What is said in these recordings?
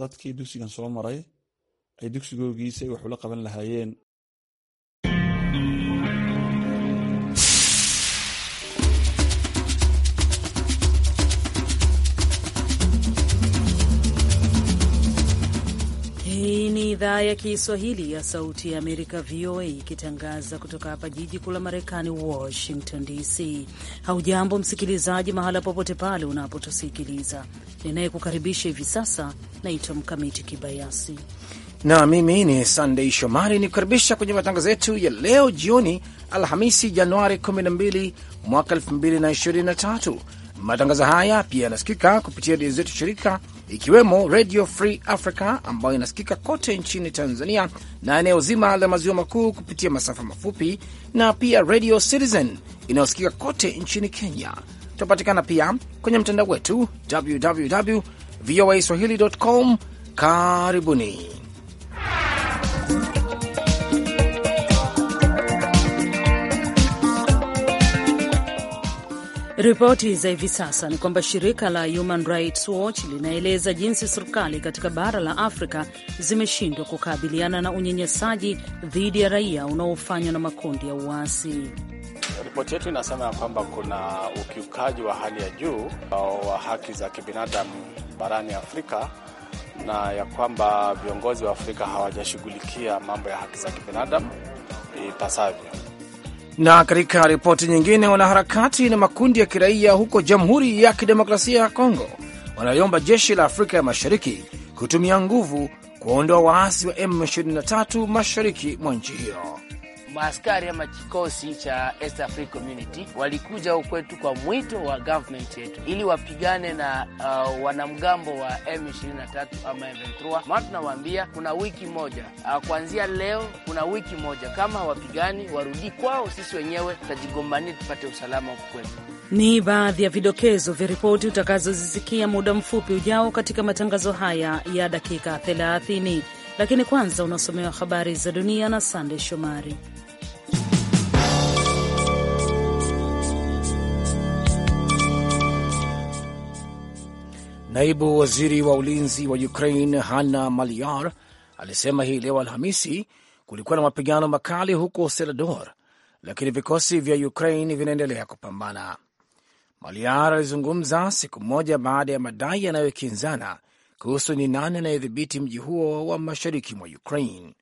dadkii dugsigan soo maray ay dugsigoogiisa wax ula qaban lahaayeen idhaa ya Kiswahili ya Sauti ya Amerika, VOA, ikitangaza kutoka hapa jiji kuu la Marekani, Washington DC. Haujambo msikilizaji, mahala popote pale unapotusikiliza. Ninayekukaribisha hivi sasa naitwa Mkamiti Kibayasi na mimi ni Sandei Shomari, ni kukaribisha kwenye matangazo yetu ya leo jioni, Alhamisi Januari 12 mwaka 2023. Matangazo haya pia yanasikika kupitia redio zetu shirika ikiwemo Radio Free Africa ambayo inasikika kote nchini Tanzania na eneo zima la maziwa makuu kupitia masafa mafupi na pia Radio Citizen inayosikika kote nchini Kenya. Tunapatikana pia kwenye mtandao wetu www voa swahili.com. Karibuni. Ripoti za hivi sasa ni kwamba shirika la Human Rights Watch linaeleza jinsi serikali katika bara la Afrika zimeshindwa kukabiliana na unyanyasaji dhidi ya raia unaofanywa na makundi ya uasi. Ripoti yetu inasema ya kwamba kuna ukiukaji wa hali ya juu wa haki za kibinadamu barani Afrika na ya kwamba viongozi wa Afrika hawajashughulikia mambo ya haki za kibinadamu ipasavyo. Na katika ripoti nyingine, wanaharakati na makundi ya kiraia huko Jamhuri ya Kidemokrasia ya Kongo wanaliomba jeshi la Afrika ya Mashariki kutumia nguvu kuwaondoa waasi wa M23 mashariki mwa nchi hiyo maaskari ama kikosi cha East Community walikuja kwetu kwa mwito wa government yetu ili wapigane na uh, wanamgambo wa M23 ama M23. Maana tunawaambia kuna wiki moja uh, kuanzia leo kuna wiki moja, kama wapigani warudi kwao, sisi wenyewe tutajigombania tupate usalama ukwetu kwetu. Ni baadhi ya vidokezo vya ripoti utakazozisikia muda mfupi ujao katika matangazo haya ya dakika 30, lakini kwanza unasomewa habari za dunia na Sande Shomari. Naibu waziri wa ulinzi wa Ukraine Hanna Maliar alisema hii leo Alhamisi kulikuwa na mapigano makali huko Selador, lakini vikosi vya Ukraine vinaendelea kupambana. Maliar alizungumza siku moja baada ya madai yanayokinzana kuhusu ni nani anayedhibiti mji huo wa mashariki mwa Ukraine.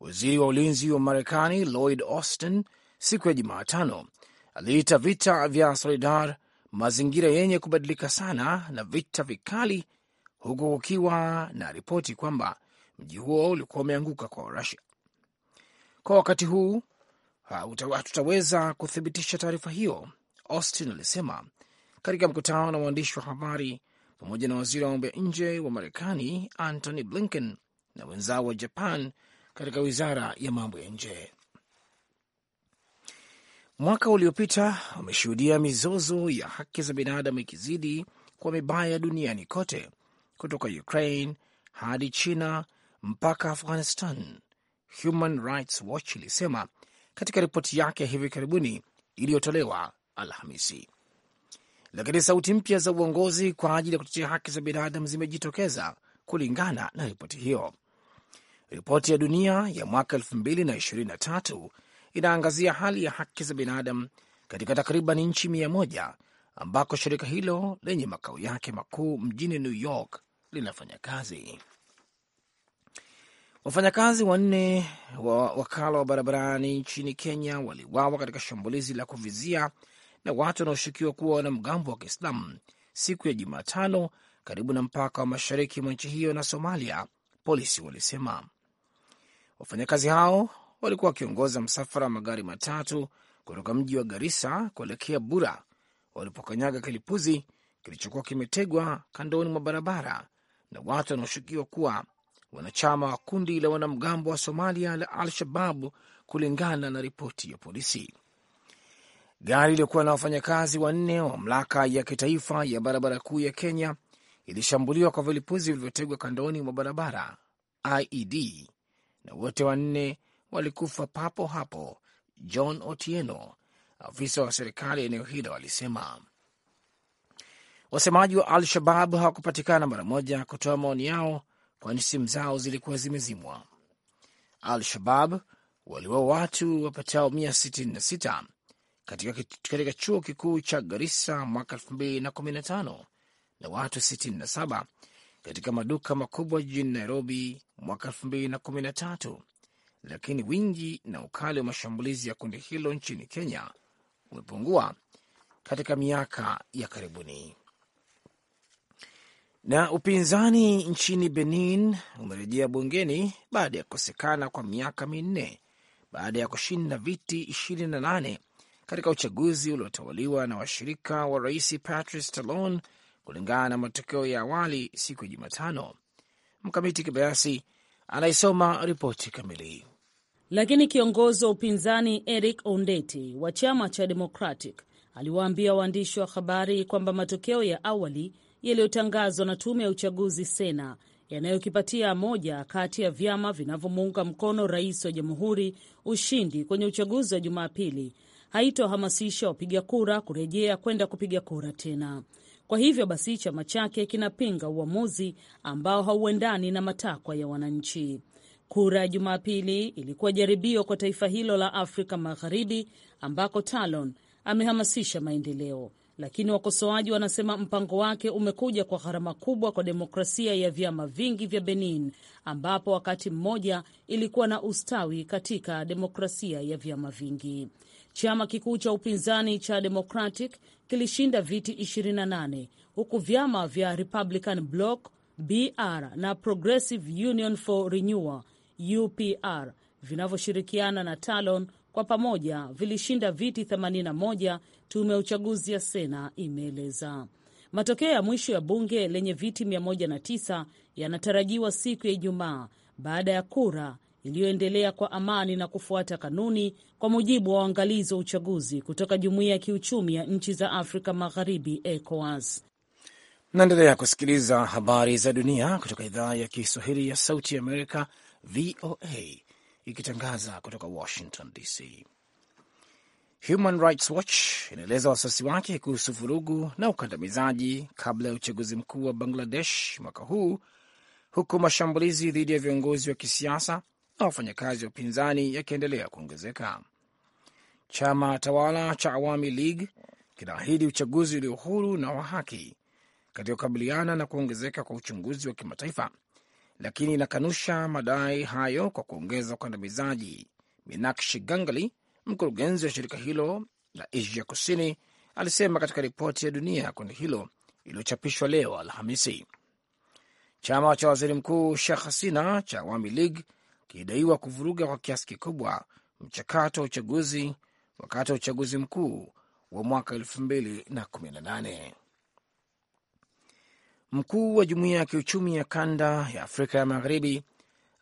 Waziri wa ulinzi wa Marekani Lloyd Austin siku ya Jumatano aliita vita vya Solidar mazingira yenye kubadilika sana na vita vikali, huku kukiwa na ripoti kwamba mji huo ulikuwa umeanguka kwa Rusia. Kwa wakati huu hatutaweza kuthibitisha taarifa hiyo, Austin alisema katika mkutano na waandishi wa habari pamoja na waziri wa mambo ya nje wa Marekani Antony Blinken na wenzao wa Japan katika wizara ya mambo ya nje. Mwaka uliopita umeshuhudia mizozo ya haki za binadamu ikizidi kwa mibaya duniani kote, kutoka Ukraine hadi China mpaka Afghanistan. Human Rights Watch ilisema katika ripoti yake ya hivi karibuni iliyotolewa Alhamisi. Lakini sauti mpya za uongozi kwa ajili ya kutetea haki za binadamu zimejitokeza kulingana na ripoti hiyo. Ripoti ya dunia ya mwaka 2023 inaangazia hali ya haki za binadamu katika takriban nchi mia moja ambako shirika hilo lenye makao yake makuu mjini New York linafanya kazi. Wafanyakazi wanne wa wakala wa barabarani nchini Kenya waliwawa katika shambulizi la kuvizia na watu wanaoshukiwa kuwa wanamgambo wa Kiislamu siku ya Jumatano karibu na mpaka wa mashariki mwa nchi hiyo na Somalia, polisi walisema. Wafanyakazi hao walikuwa wakiongoza msafara wa magari matatu kutoka mji wa Garisa kuelekea Bura walipokanyaga kilipuzi kilichokuwa kimetegwa kandoni mwa barabara na watu wanaoshukiwa kuwa wanachama wa kundi la wanamgambo wa Somalia la al shabab kulingana na ripoti ya polisi. Gari iliyokuwa na wafanyakazi wanne wa mamlaka ya kitaifa ya barabara kuu ya Kenya ilishambuliwa kwa vilipuzi vilivyotegwa kandoni mwa barabara IED, na wote wanne walikufa papo hapo. John Otieno, afisa wa serikali eneo hilo, alisema wasemaji wa Al-Shabab hawakupatikana mara moja kutoa maoni yao, kwani simu zao zilikuwa zimezimwa. Al-Shabab waliwa watu wapatao 166 katika, katika chuo kikuu cha Garissa mwaka 2015 na watu 67 katika maduka makubwa jijini Nairobi mwaka 2013 lakini wingi na ukali wa mashambulizi ya kundi hilo nchini Kenya umepungua katika miaka ya karibuni. Na upinzani nchini Benin umerejea bungeni baada ya kukosekana kwa miaka minne baada ya kushinda viti 28 katika uchaguzi uliotawaliwa na washirika wa rais Patrice Talon, kulingana na matokeo ya awali siku ya Jumatano. Mkamiti Kibayasi anaisoma ripoti kamili. Lakini kiongozi wa upinzani Eric Ondeti wa chama cha Democratic aliwaambia waandishi wa habari kwamba matokeo ya awali yaliyotangazwa na tume ya uchaguzi Sena yanayokipatia moja kati ya vyama vinavyomuunga mkono rais wa jamhuri ushindi kwenye uchaguzi wa Jumapili haitohamasisha wapiga kura kurejea kwenda kupiga kura tena. Kwa hivyo basi, chama chake kinapinga uamuzi ambao hauendani na matakwa ya wananchi. Kura ya Jumapili ilikuwa jaribio kwa taifa hilo la Afrika Magharibi ambako Talon amehamasisha maendeleo, lakini wakosoaji wanasema mpango wake umekuja kwa gharama kubwa kwa demokrasia ya vyama vingi vya Benin, ambapo wakati mmoja ilikuwa na ustawi katika demokrasia ya vyama vingi. Chama kikuu cha upinzani cha Democratic kilishinda viti 28 huku vyama vya Republican Bloc BR na Progressive Union for Renewal UPR vinavyoshirikiana na Talon kwa pamoja vilishinda viti 81, tume ya uchaguzi ya Sena imeeleza. Matokeo ya mwisho ya bunge lenye viti 109 yanatarajiwa siku ya Ijumaa baada ya kura iliyoendelea kwa amani na kufuata kanuni, kwa mujibu wa waangalizi wa uchaguzi kutoka Jumuiya ya Kiuchumi ya Nchi za Afrika Magharibi, ECOWAS. Naendelea kusikiliza habari za dunia kutoka idhaa ya Kiswahili ya Sauti ya Amerika VOA ikitangaza kutoka Washington DC. Human Rights Watch inaeleza wasiwasi wake kuhusu vurugu na ukandamizaji kabla ya uchaguzi mkuu wa Bangladesh mwaka huu, huku mashambulizi dhidi ya viongozi wa kisiasa na wafanyakazi wa upinzani yakiendelea kuongezeka. Chama tawala cha Awami League kinaahidi uchaguzi ulio huru na wa haki katika kukabiliana na kuongezeka kwa uchunguzi wa kimataifa lakini inakanusha madai hayo kwa kuongeza ukandamizaji. Minakshi Gangali, mkurugenzi wa shirika hilo la Asia Kusini, alisema katika ripoti ya dunia ya kundi hilo iliyochapishwa leo Alhamisi. Chama cha waziri mkuu Sheikh Hasina cha Awami League kilidaiwa kuvuruga kwa kiasi kikubwa mchakato wa uchaguzi wakati wa uchaguzi mkuu wa mwaka 218 Mkuu wa jumuiya ya kiuchumi ya kanda ya Afrika ya Magharibi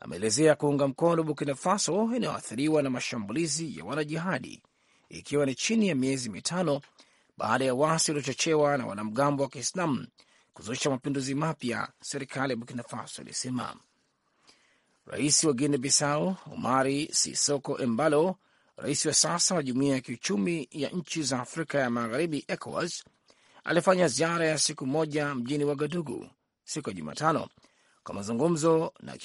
ameelezea kuunga mkono Burkina Faso inayoathiriwa na mashambulizi ya wanajihadi, ikiwa ni chini ya miezi mitano baada ya wasi waliochochewa na wanamgambo wa Kiislamu kuzusha mapinduzi mapya, serikali ya Burkina Faso ilisema. Rais wa guine Bissau Omari Sisoko Embalo, rais wa sasa wa jumuiya ya kiuchumi ya nchi za Afrika ya Magharibi, ECOWAS, alifanya ziara ya siku moja mjini Wagadugu siku ya Jumatano kwa mazungumzo na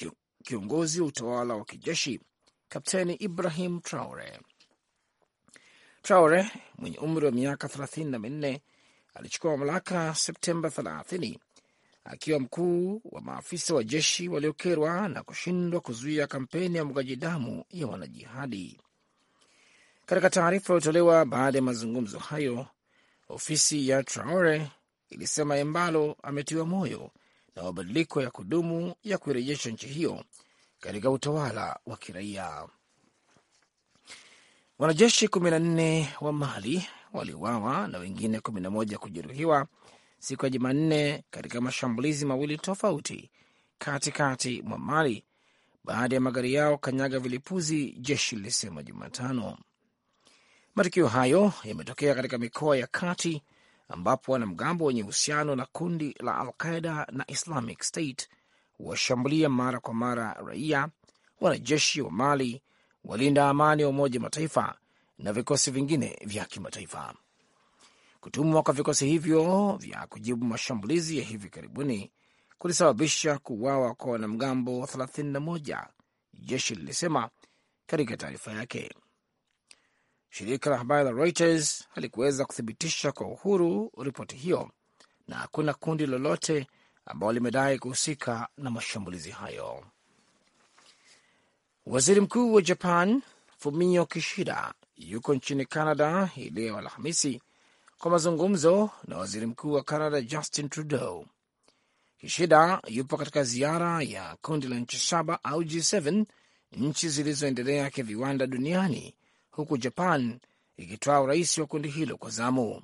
kiongozi wa utawala wa kijeshi Kapteni Ibrahim Traore. Traore mwenye umri wa miaka thelathini na minne alichukua mamlaka Septemba 30 akiwa mkuu wa maafisa wa jeshi waliokerwa na kushindwa kuzuia kampeni ya mwagaji damu ya wanajihadi. Katika taarifa iliyotolewa baada ya mazungumzo hayo, Ofisi ya Traore ilisema Embalo ametiwa moyo na mabadiliko ya kudumu ya kuirejesha nchi hiyo katika utawala wa kiraia. Wanajeshi 14 wa Mali waliuawa na wengine 11 kujeruhiwa siku ya Jumanne katika mashambulizi mawili tofauti katikati mwa Mali baada ya magari yao kanyaga vilipuzi, jeshi lilisema Jumatano. Matukio hayo yametokea katika mikoa ya kati ambapo wanamgambo wenye uhusiano na kundi la Alqaida na Islamic State washambulia mara kwa mara raia, wanajeshi wa Mali, walinda amani wa Umoja Mataifa na vikosi vingine vya kimataifa. Kutumwa kwa vikosi hivyo vya kujibu mashambulizi ya hivi karibuni kulisababisha kuuawa kwa wanamgambo 31, jeshi lilisema katika taarifa yake. Shirika la habari la Reuters halikuweza kuthibitisha kwa uhuru ripoti hiyo na hakuna kundi lolote ambalo limedai kuhusika na mashambulizi hayo. Waziri mkuu wa Japan Fumio Kishida yuko nchini Canada hii leo Alhamisi kwa mazungumzo na waziri mkuu wa Canada Justin Trudeau. Kishida yupo katika ziara ya kundi la nchi saba au G7, nchi zilizoendelea kiviwanda duniani huku Japan ikitoa urais wa kundi hilo kwa zamu.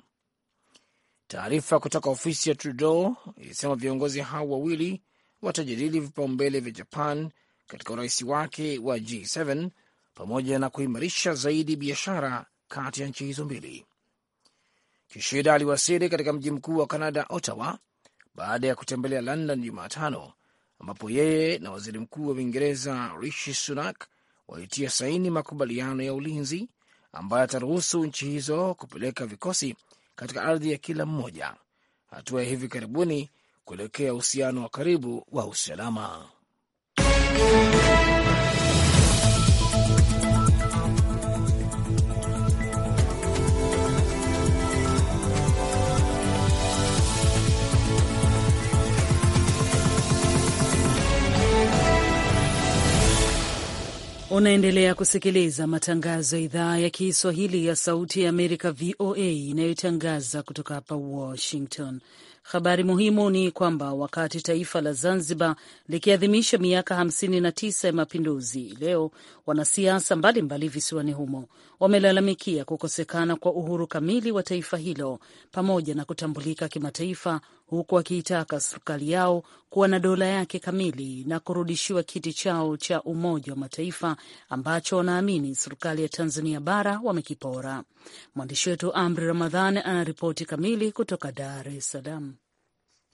Taarifa kutoka ofisi ya Trudeau ilisema viongozi hao wawili watajadili vipaumbele vya Japan katika urais wake wa G7 pamoja na kuimarisha zaidi biashara kati ya nchi hizo mbili. Kishida aliwasili katika mji mkuu wa Kanada, Ottawa, baada ya kutembelea London Jumatano, ambapo yeye na waziri mkuu wa Uingereza Rishi Sunak walitia saini makubaliano ya ulinzi ambayo yataruhusu nchi hizo kupeleka vikosi katika ardhi ya kila mmoja, hatua ya hivi karibuni kuelekea uhusiano wa karibu wa usalama. Unaendelea kusikiliza matangazo ya idhaa ya Kiswahili ya Sauti ya Amerika, VOA, inayotangaza kutoka hapa Washington. Habari muhimu ni kwamba wakati taifa la Zanzibar likiadhimisha miaka 59 ya mapinduzi leo, wanasiasa mbalimbali visiwani humo wamelalamikia kukosekana kwa uhuru kamili wa taifa hilo pamoja na kutambulika kimataifa huku akiitaka serikali yao kuwa na dola yake kamili na kurudishiwa kiti chao cha Umoja wa Mataifa ambacho wanaamini serikali ya Tanzania bara wamekipora. Mwandishi wetu Amri Ramadhan anaripoti kamili kutoka Dar es Salaam.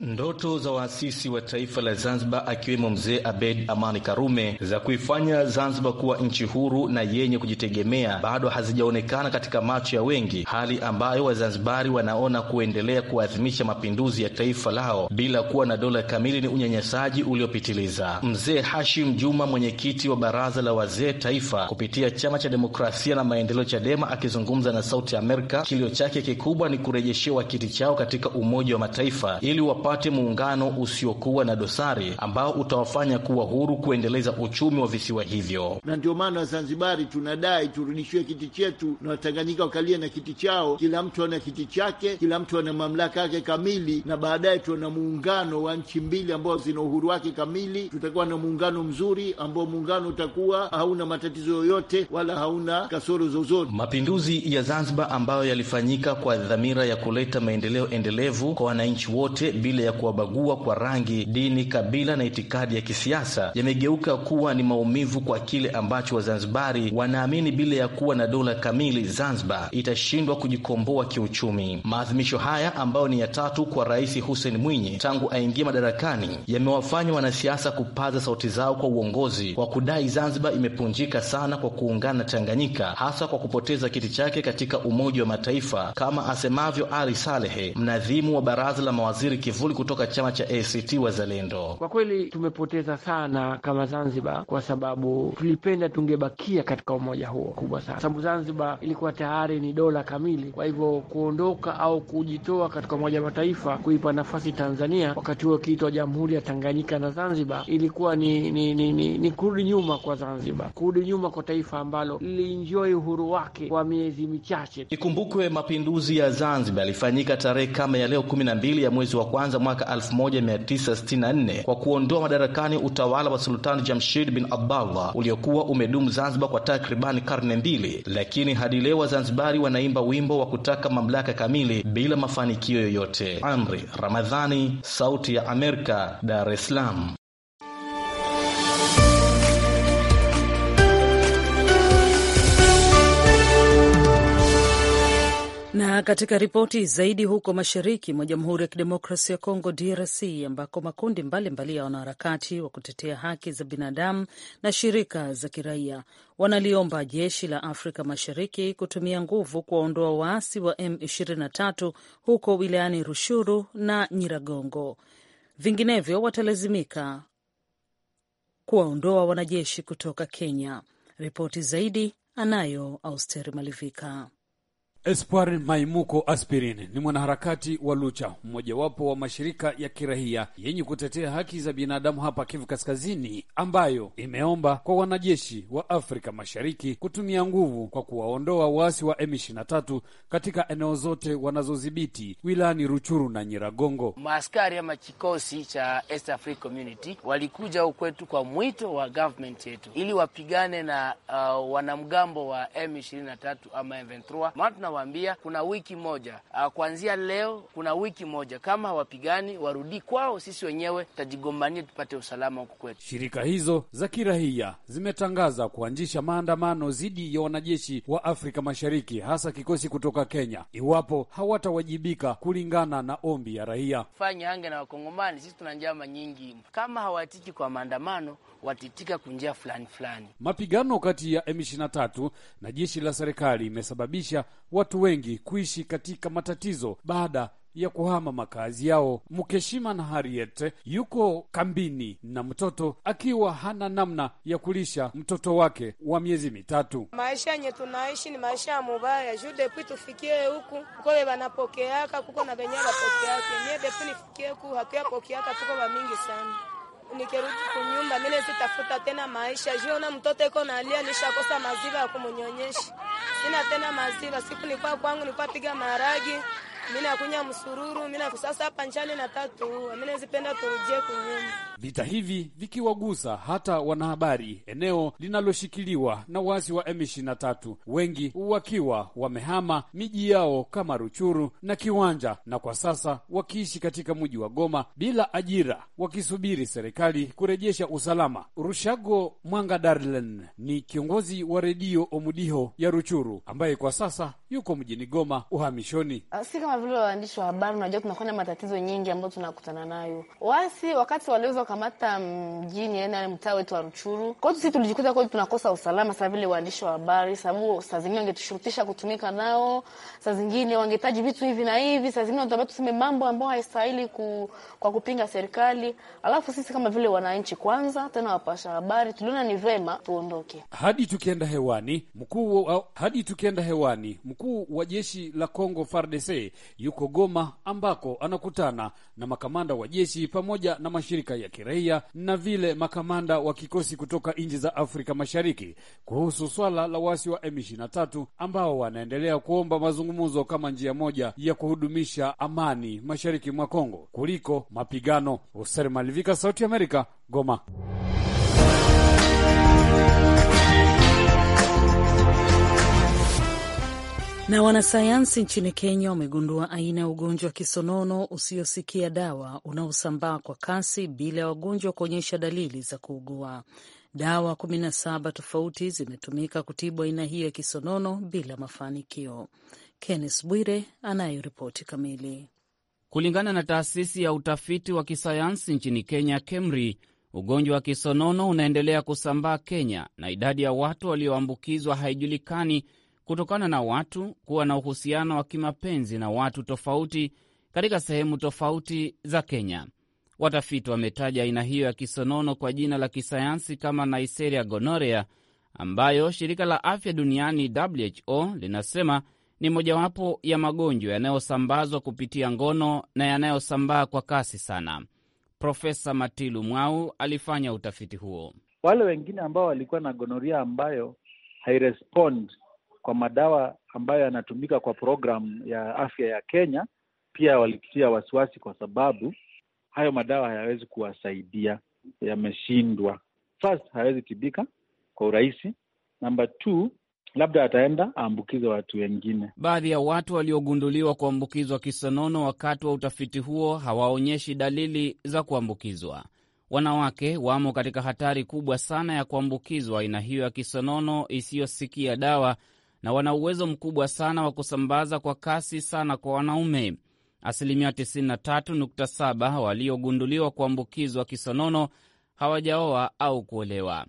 Ndoto za waasisi wa taifa la Zanzibar akiwemo mzee Abed Amani Karume za kuifanya Zanzibar kuwa nchi huru na yenye kujitegemea bado hazijaonekana katika macho ya wengi, hali ambayo Wazanzibari wanaona kuendelea kuadhimisha mapinduzi ya taifa lao bila kuwa na dola kamili ni unyanyasaji uliopitiliza. Mzee Hashim Juma, mwenyekiti wa Baraza la Wazee Taifa kupitia Chama cha Demokrasia na Maendeleo, CHADEMA, akizungumza na Sauti Amerika, kilio chake kikubwa ni kurejeshewa kiti chao katika Umoja wa Mataifa ili wapa wapate muungano usiokuwa na dosari ambao utawafanya kuwa huru kuendeleza uchumi wa visiwa hivyo. Na ndio maana Wazanzibari tunadai turudishiwe kiti chetu na Watanganyika wakalie na kiti chao. Kila mtu ana kiti chake, kila mtu ana mamlaka yake kamili, na baadaye tuwe na muungano wa nchi mbili ambao zina uhuru wake kamili. Tutakuwa na muungano mzuri ambao muungano utakuwa hauna matatizo yoyote wala hauna kasoro zozote. Mapinduzi ya Zanzibar ambayo yalifanyika kwa dhamira ya kuleta maendeleo endelevu kwa wananchi wote vile ya kuwabagua kwa rangi, dini, kabila na itikadi ya kisiasa yamegeuka kuwa ni maumivu kwa kile ambacho Wazanzibari wanaamini bila ya kuwa na dola kamili, Zanzibar itashindwa kujikomboa kiuchumi. Maadhimisho haya ambayo ni ya tatu kwa Rais Hussein Mwinyi tangu aingie madarakani yamewafanya wanasiasa kupaza sauti zao kwa uongozi kwa kudai Zanzibar imepunjika sana kwa kuungana na Tanganyika, hasa kwa kupoteza kiti chake katika Umoja wa Mataifa, kama asemavyo Ali Salehe, mnadhimu wa baraza la mawaziri kivu kivuli kutoka chama cha ACT Wazalendo. Kwa kweli tumepoteza sana kama Zanzibar, kwa sababu tulipenda tungebakia katika umoja huo kubwa sana, sababu Zanzibar ilikuwa tayari ni dola kamili. Kwa hivyo kuondoka au kujitoa katika Umoja wa Mataifa, kuipa nafasi Tanzania, wakati huo ikiitwa Jamhuri ya Tanganyika na Zanzibar, ilikuwa ni ni, ni, ni, ni kurudi nyuma kwa Zanzibar, kurudi nyuma kwa taifa ambalo lilienjoy uhuru wake kwa miezi michache. Ikumbukwe mapinduzi ya Zanzibar yalifanyika tarehe kama ya leo kumi na mbili ya mwezi wa kwanza kwanza mwaka 1964 kwa kuondoa madarakani utawala wa Sultani Jamshid bin Abdallah uliokuwa umedumu Zanzibar kwa takribani karne mbili, lakini hadi leo Wazanzibari wanaimba wimbo wa kutaka mamlaka kamili bila mafanikio yoyote. Amri Ramadhani, Sauti ya Amerika, Dar es Salaam. Na katika ripoti zaidi, huko mashariki mwa Jamhuri ya Kidemokrasia ya Kongo, DRC, ambako makundi mbalimbali mbali ya wanaharakati wa kutetea haki za binadamu na shirika za kiraia wanaliomba jeshi la Afrika Mashariki kutumia nguvu kuwaondoa waasi wa M23 huko wilayani Rushuru na Nyiragongo, vinginevyo watalazimika kuwaondoa wanajeshi kutoka Kenya. Ripoti zaidi anayo Austeri Malivika. Espoir Maimuko Aspirin ni mwanaharakati wa Lucha, mmojawapo wa mashirika ya kirahia yenye kutetea haki za binadamu hapa Kivu Kaskazini, ambayo imeomba kwa wanajeshi wa Afrika Mashariki kutumia nguvu kwa kuwaondoa waasi wa M23 katika eneo zote wanazodhibiti wilayani Ruchuru na Nyiragongo. Maaskari ama kikosi cha East Africa Community walikuja ukwetu kwa mwito wa government yetu ili wapigane na uh, wanamgambo wa M23 ama M23 nawaambia kuna wiki moja ah, kuanzia leo, kuna wiki moja, kama hawapigani warudi kwao, sisi wenyewe tutajigombania tupate usalama huko kwetu. Shirika hizo za kirahia zimetangaza kuanzisha maandamano dhidi ya wanajeshi wa Afrika Mashariki, hasa kikosi kutoka Kenya, iwapo hawatawajibika kulingana na ombi ya raia. Fanya hange na Wakongomani, sisi tuna njama nyingi. Kama hawatiki kwa maandamano, watitika kunjia fulani fulani. Mapigano kati ya M23 na jeshi la serikali imesababisha wa watu wengi kuishi katika matatizo baada ya kuhama makazi yao. Mukeshima na Harriet yuko kambini na mtoto akiwa hana namna ya kulisha mtoto wake wa miezi mitatu. Maisha yenye tunaishi ni maisha mubaya juu depuis tufikie huku kole wanapokeaka kuko na venye vapokeake nye depuis nifikie huku hatuyapokeaka tuko wamingi sana nikirudi kunyumba mimi sitafuta tena maisha. Je, una mtoto iko nalia, nishakosa maziwa ya kumnyonyesha, sina tena maziwa. Siku nilikuwa kwangu, nilikuwa piga maharagi mimi nakunya msururu, mimi sasa hapa na tatu, mimi nazipenda turudie kunyuma. Vita hivi vikiwagusa hata wanahabari, eneo linaloshikiliwa na waasi wa M23, wengi wakiwa wamehama miji yao kama Ruchuru na Kiwanja, na kwa sasa wakiishi katika mji wa Goma bila ajira, wakisubiri serikali kurejesha usalama. Rushago Mwanga Darlen ni kiongozi wa redio Omudiho ya Ruchuru ambaye kwa sasa yuko mjini Goma uhamishoni Asika ah, kama vile waandishi wa habari, unajua tunakwenda matatizo nyingi ambayo tunakutana nayo. Wasi wakati waliweza wakamata mjini, yani mtaa wetu wa Ruchuru, kwetu sisi tulijikuta kweli tunakosa usalama saa vile waandishi wa habari, sababu saa zingine wangetushurutisha kutumika nao, saa zingine wangehitaji vitu hivi na hivi, saa zingine wataambia tuseme mambo ambayo haistahili ku, kwa kupinga serikali. Alafu sisi kama vile wananchi kwanza, tena wapasha habari, tuliona ni vema tuondoke hadi tukienda hewani mkuu, hadi tukienda hewani mkuu wa jeshi la Congo FARDC yuko Goma ambako anakutana na makamanda wa jeshi pamoja na mashirika ya kiraia na vile makamanda wa kikosi kutoka nchi za Afrika Mashariki kuhusu swala la waasi wa M23 ambao wanaendelea kuomba mazungumzo kama njia moja ya kuhudumisha amani mashariki mwa Kongo kuliko mapigano. Hoser Malivika, Sauti Amerika, Goma. Na wanasayansi nchini Kenya wamegundua aina ya ugonjwa wa kisonono usiosikia dawa unaosambaa kwa kasi bila ya wagonjwa kuonyesha dalili za kuugua. Dawa 17 tofauti zimetumika kutibu aina hiyo ya kisonono bila mafanikio. Kenneth Bwire anayo ripoti kamili. Kulingana na taasisi ya utafiti wa kisayansi nchini Kenya, KEMRI, ugonjwa wa kisonono unaendelea kusambaa Kenya na idadi ya watu walioambukizwa haijulikani kutokana na watu kuwa na uhusiano wa kimapenzi na watu tofauti katika sehemu tofauti za Kenya. Watafiti wametaja aina hiyo ya kisonono kwa jina la kisayansi kama Neisseria gonorrhea, ambayo shirika la afya duniani WHO linasema ni mojawapo ya magonjwa yanayosambazwa kupitia ngono na yanayosambaa kwa kasi sana. Profesa Matilu Mwau alifanya utafiti huo. Wale wengine ambao walikuwa na gonoria ambayo hairespond kwa madawa ambayo yanatumika kwa programu ya afya ya Kenya pia walitia wasiwasi, kwa sababu hayo madawa hayawezi kuwasaidia, yameshindwa. First, hayawezi tibika kwa urahisi. Namba two, labda ataenda aambukize watu wengine. Baadhi ya watu waliogunduliwa kuambukizwa kisonono wakati wa utafiti huo hawaonyeshi dalili za kuambukizwa. Wanawake wamo katika hatari kubwa sana ya kuambukizwa aina hiyo ya kisonono isiyosikia dawa na wana uwezo mkubwa sana wa kusambaza kwa kasi sana kwa wanaume. Asilimia 93.7 waliogunduliwa kuambukizwa kisonono hawajaoa au kuolewa.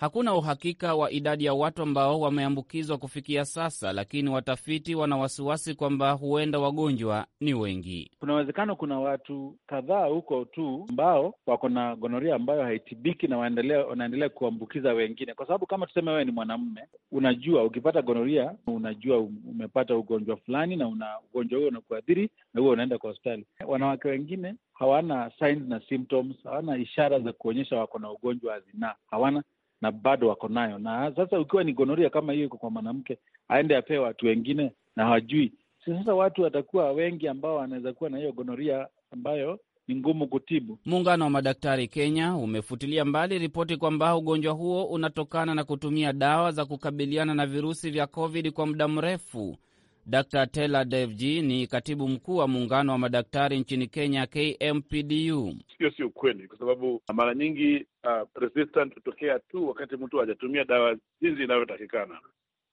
Hakuna uhakika wa idadi ya watu ambao wameambukizwa kufikia sasa, lakini watafiti wana wasiwasi kwamba huenda wagonjwa ni wengi. Kuna uwezekano kuna watu kadhaa huko tu ambao wako na gonoria ambayo haitibiki na wanaendelea kuambukiza wengine, kwa sababu kama tuseme wewe ni mwanamume, unajua ukipata gonoria unajua umepata ugonjwa fulani, na una ugonjwa huo unakuathiri, na huo unaenda kwa hospitali. Wanawake wengine hawana signs na symptoms, hawana ishara za kuonyesha wako na ugonjwa wa zinaa, hawana na bado wako nayo. Na sasa ukiwa ni gonoria kama hiyo iko kwa mwanamke, aende apewe watu wengine na hawajui, sasa watu watakuwa wengi ambao wanaweza kuwa na hiyo gonoria ambayo ni ngumu kutibu. Muungano wa madaktari Kenya umefutilia mbali ripoti kwamba ugonjwa huo unatokana na kutumia dawa za kukabiliana na virusi vya COVID kwa muda mrefu. Dr Tela Devji ni katibu mkuu wa muungano wa madaktari nchini Kenya, KMPDU. Hiyo sio ukweli, kwa sababu mara nyingi uh, hutokea tu wakati mtu hajatumia dawa jinsi inavyotakikana.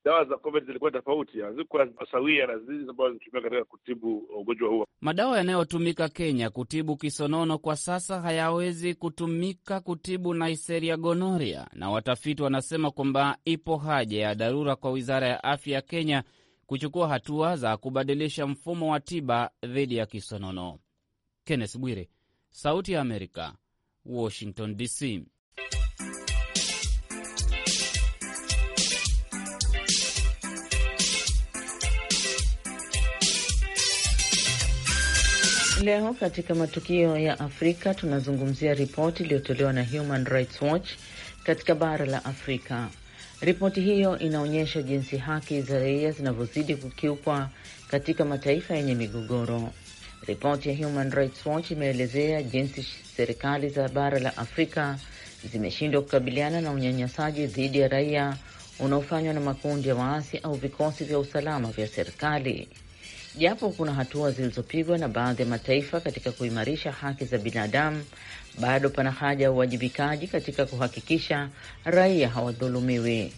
Dawa za COVID zilikuwa tofauti, hazikuwa sawia na zile ambazo zilitumia katika kutibu ugonjwa huo. Madawa yanayotumika Kenya kutibu kisonono kwa sasa hayawezi kutumika kutibu Neisseria gonoria, na watafiti wanasema kwamba ipo haja ya dharura kwa wizara ya afya ya Kenya kuchukua hatua za kubadilisha mfumo wa tiba dhidi ya kisonono. Kenneth Bwire, Sauti ya Amerika, Washington DC. Leo katika matukio ya Afrika tunazungumzia ripoti iliyotolewa na Human Rights Watch katika bara la Afrika. Ripoti hiyo inaonyesha jinsi haki za raia zinavyozidi kukiukwa katika mataifa yenye migogoro. Ripoti ya Human Rights Watch imeelezea jinsi serikali za bara la Afrika zimeshindwa kukabiliana na unyanyasaji dhidi ya raia unaofanywa na makundi ya waasi au vikosi vya usalama vya serikali. Japo kuna hatua zilizopigwa na baadhi ya mataifa katika kuimarisha haki za binadamu, bado pana haja ya uwajibikaji katika kuhakikisha raia hawadhulumiwi.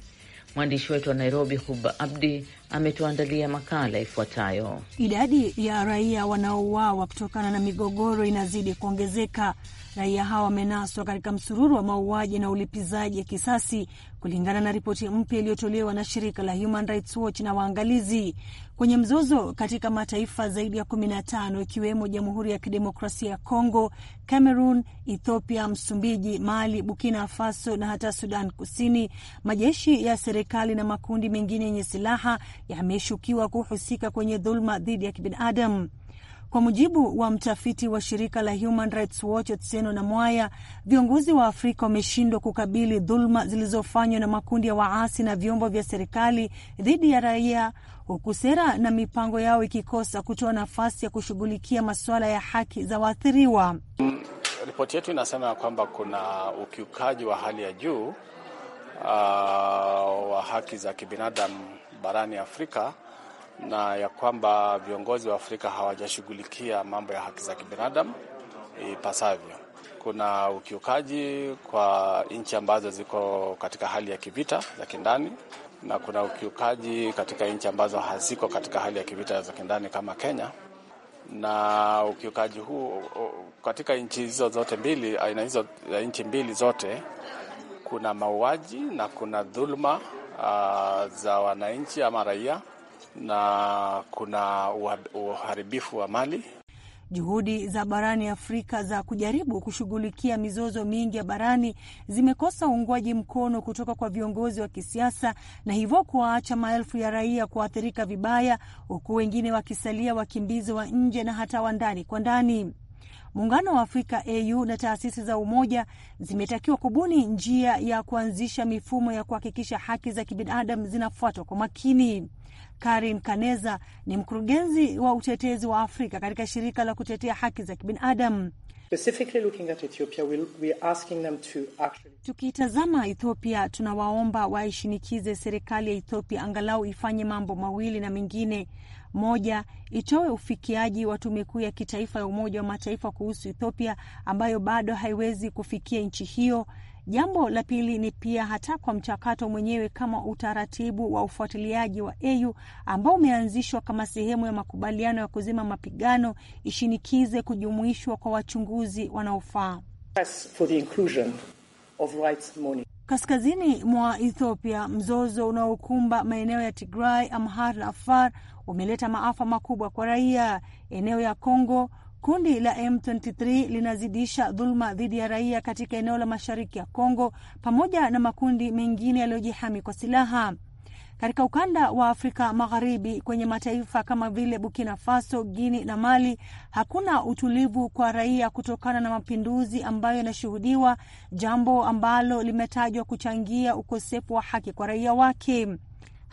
Mwandishi wetu wa Nairobi, Huba Abdi, ametuandalia makala ifuatayo. Idadi ya raia wanaouawa kutokana na migogoro inazidi kuongezeka Raia hawa wamenaswa katika msururu wa mauaji na ulipizaji ya kisasi, kulingana na ripoti mpya iliyotolewa na shirika la Human Rights Watch na waangalizi kwenye mzozo katika mataifa zaidi ya kumi na tano ikiwemo Jamhuri ya Kidemokrasia ya Kongo, Cameroon, Ethiopia, Msumbiji, Mali, Burkina Faso na hata Sudan Kusini. Majeshi ya serikali na makundi mengine yenye silaha yameshukiwa kuhusika kwenye dhuluma dhidi ya kibinadamu. Kwa mujibu wa mtafiti wa shirika la Human Rights Watch viongozi wa Afrika wameshindwa kukabili dhuluma zilizofanywa na makundi ya waasi na vyombo vya serikali dhidi ya raia, huku sera na mipango yao ikikosa kutoa nafasi ya kushughulikia masuala ya haki za waathiriwa. Ripoti yetu inasema ya kwamba kuna ukiukaji wa hali ya juu uh, wa haki za kibinadamu barani Afrika na ya kwamba viongozi wa Afrika hawajashughulikia mambo ya haki za kibinadamu ipasavyo. Kuna ukiukaji kwa nchi ambazo ziko katika hali ya kivita za kindani na kuna ukiukaji katika nchi ambazo haziko katika hali ya kivita za kindani kama Kenya, na ukiukaji huu katika nchi hizo zote mbili, aina hizo za nchi mbili zote, kuna mauaji na kuna dhuluma uh, za wananchi ama raia na kuna uharibifu wa mali. Juhudi za barani Afrika za kujaribu kushughulikia mizozo mingi ya barani zimekosa uungwaji mkono kutoka kwa viongozi wa kisiasa na hivyo kuwaacha maelfu ya raia kuathirika vibaya, huku wengine wakisalia wakimbizi wa nje na hata wa ndani kwa ndani. Muungano wa Afrika AU na taasisi za Umoja zimetakiwa kubuni njia ya kuanzisha mifumo ya kuhakikisha haki za kibinadamu zinafuatwa kwa makini. Karin Kaneza ni mkurugenzi wa utetezi wa Afrika katika shirika la kutetea haki za kibinadamu. Tukitazama Ethiopia, tunawaomba waishinikize serikali ya Ethiopia angalau ifanye mambo mawili na mengine moja, itoe ufikiaji wa tume kuu ya kitaifa ya Umoja wa Mataifa kuhusu Ethiopia ambayo bado haiwezi kufikia nchi hiyo. Jambo la pili ni pia hata kwa mchakato mwenyewe kama utaratibu wa ufuatiliaji wa AU ambao umeanzishwa kama sehemu ya makubaliano ya kuzima mapigano ishinikize kujumuishwa kwa wachunguzi wanaofaa. Kaskazini mwa Ethiopia, mzozo unaokumba maeneo ya Tigray, Amhar na Afar umeleta maafa makubwa kwa raia. Eneo ya Kongo, kundi la M23 linazidisha dhuluma dhidi ya raia katika eneo la mashariki ya Kongo, pamoja na makundi mengine yaliyojihami kwa silaha katika ukanda wa Afrika Magharibi, kwenye mataifa kama vile Burkina Faso, Guini na Mali hakuna utulivu kwa raia kutokana na mapinduzi ambayo yanashuhudiwa, jambo ambalo limetajwa kuchangia ukosefu wa haki kwa raia wake.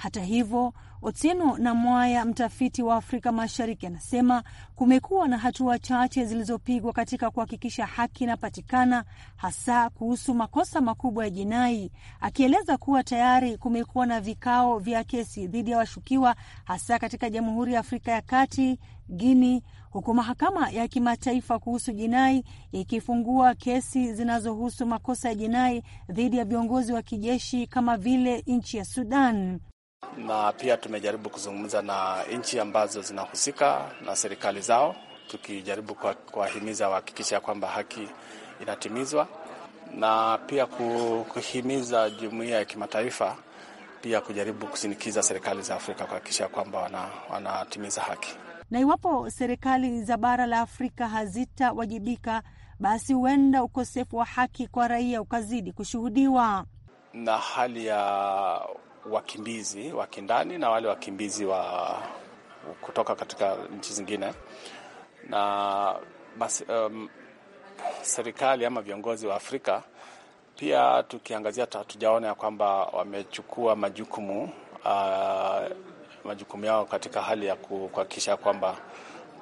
Hata hivyo, Otieno na Mwaya, mtafiti wa Afrika Mashariki, anasema kumekuwa na hatua chache zilizopigwa katika kuhakikisha haki inapatikana, hasa kuhusu makosa makubwa ya jinai, akieleza kuwa tayari kumekuwa na vikao vya kesi dhidi ya washukiwa, hasa katika Jamhuri ya Afrika ya Kati, Guini, huku mahakama ya kimataifa kuhusu jinai ikifungua kesi zinazohusu makosa ya jinai dhidi ya viongozi wa kijeshi kama vile nchi ya Sudan na pia tumejaribu kuzungumza na nchi ambazo zinahusika na serikali zao, tukijaribu kuwahimiza wahakikisha kwamba haki inatimizwa, na pia kuhimiza jumuiya ya kimataifa pia kujaribu kushinikiza serikali za Afrika kuhakikisha kwamba wanatimiza wana haki, na iwapo serikali za bara la Afrika hazitawajibika, basi huenda ukosefu wa haki kwa raia ukazidi kushuhudiwa na hali ya wakimbizi wa kindani na wale wakimbizi wa kutoka katika nchi zingine na mas, um, serikali ama viongozi wa Afrika pia tukiangazia, hatujaona ya kwamba wamechukua majukumu uh, majukumu yao katika hali ya kuhakikisha kwamba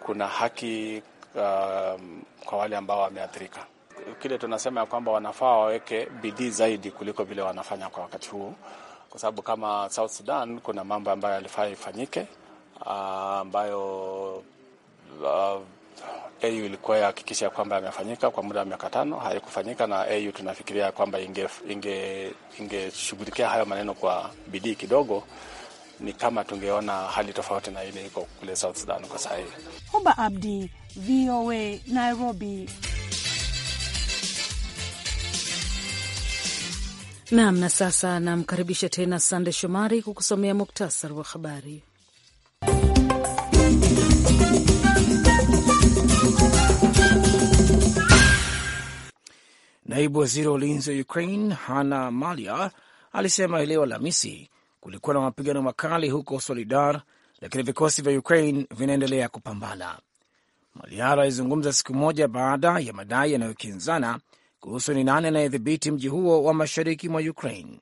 kuna haki uh, kwa wale ambao wameathirika. Kile tunasema ya kwamba wanafaa waweke bidii zaidi kuliko vile wanafanya kwa wakati huu kwa sababu kama South Sudan kuna mambo ambayo yalifaa ifanyike, ah, ambayo uh, ah, AU ilikuwa yahakikisha kwamba yamefanyika kwa muda wa miaka tano, haikufanyika na AU tunafikiria kwamba ingeshughulikia inge hayo maneno kwa bidii kidogo, ni kama tungeona hali tofauti na ile iko kule South Sudan kwa hivi. Hoba Abdi, VOA, Nairobi. Naam, na sasa namkaribisha tena Sande Shomari kukusomea muktasar wa habari. Naibu waziri wa ulinzi wa Ukraine Hana Malia alisema leo Alhamisi kulikuwa na mapigano makali huko Solidar, lakini vikosi vya Ukraine vinaendelea kupambana. Maliara alizungumza siku moja baada ya madai yanayokinzana kuhusu ni nani anayedhibiti mji huo wa mashariki mwa Ukraine.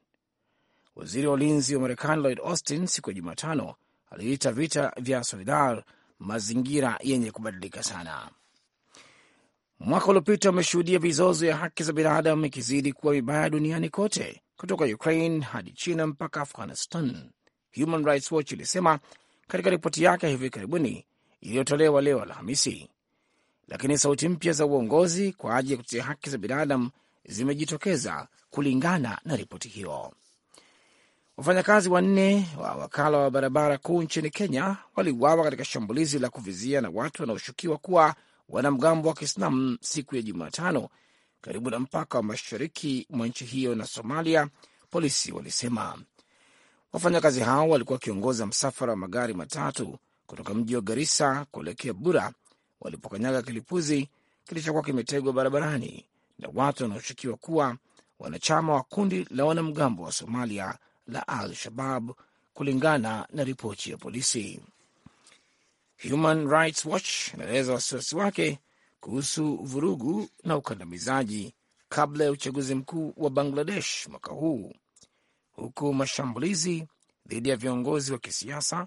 Waziri wa ulinzi wa Marekani Lloyd Austin siku ya Jumatano aliita vita vya Solidar mazingira yenye kubadilika sana. Mwaka uliopita umeshuhudia vizozo ya haki za binadamu ikizidi kuwa vibaya duniani kote, kutoka Ukraine hadi China mpaka Afghanistan. Human Rights Watch ilisema katika ripoti yake hivi karibuni iliyotolewa leo Alhamisi lakini sauti mpya za uongozi kwa ajili ya kutetea haki za binadamu zimejitokeza, kulingana na ripoti hiyo. Wafanyakazi wanne wa wakala wa barabara kuu nchini Kenya waliuawa katika shambulizi la kuvizia na watu wanaoshukiwa kuwa wanamgambo wa Kiislamu siku ya Jumatano karibu na mpaka wa mashariki mwa nchi hiyo na Somalia, polisi walisema. Wafanyakazi hao walikuwa wakiongoza msafara wa magari matatu kutoka mji wa Garissa kuelekea Bura walipokanyaga kilipuzi kilichokuwa kimetegwa barabarani na watu wanaoshukiwa kuwa wanachama wa kundi la wanamgambo wa Somalia la Al Shabab, kulingana na ripoti ya polisi. Human Rights Watch inaeleza wasiwasi wake kuhusu vurugu na ukandamizaji kabla ya uchaguzi mkuu wa Bangladesh mwaka huu, huku mashambulizi dhidi ya viongozi wa kisiasa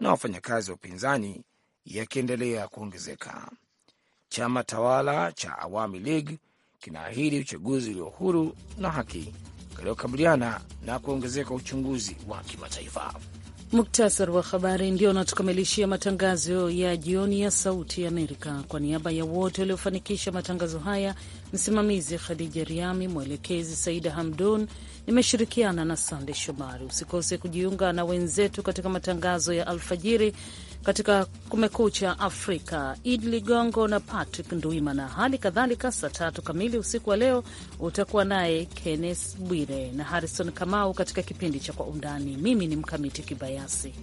na wafanyakazi wa upinzani yakiendelea kuongezeka. Chama tawala cha Awami League kinaahidi uchaguzi ulio huru na haki kaliokabiliana na kuongezeka uchunguzi wa kimataifa. Muktasar wa habari ndio unatukamilishia matangazo ya jioni ya Sauti ya Amerika. Kwa niaba ya wote waliofanikisha matangazo haya, msimamizi Khadija Riami, mwelekezi Saida Hamdun, nimeshirikiana na Sande Shomari. Usikose kujiunga na wenzetu katika matangazo ya alfajiri katika Kumekucha Afrika, id Ligongo na Patrick Ndwimana. Hali kadhalika saa tatu kamili usiku wa leo utakuwa naye Kenneth Bwire na Harrison Kamau katika kipindi cha Kwa Undani. Mimi ni Mkamiti Kibayasi.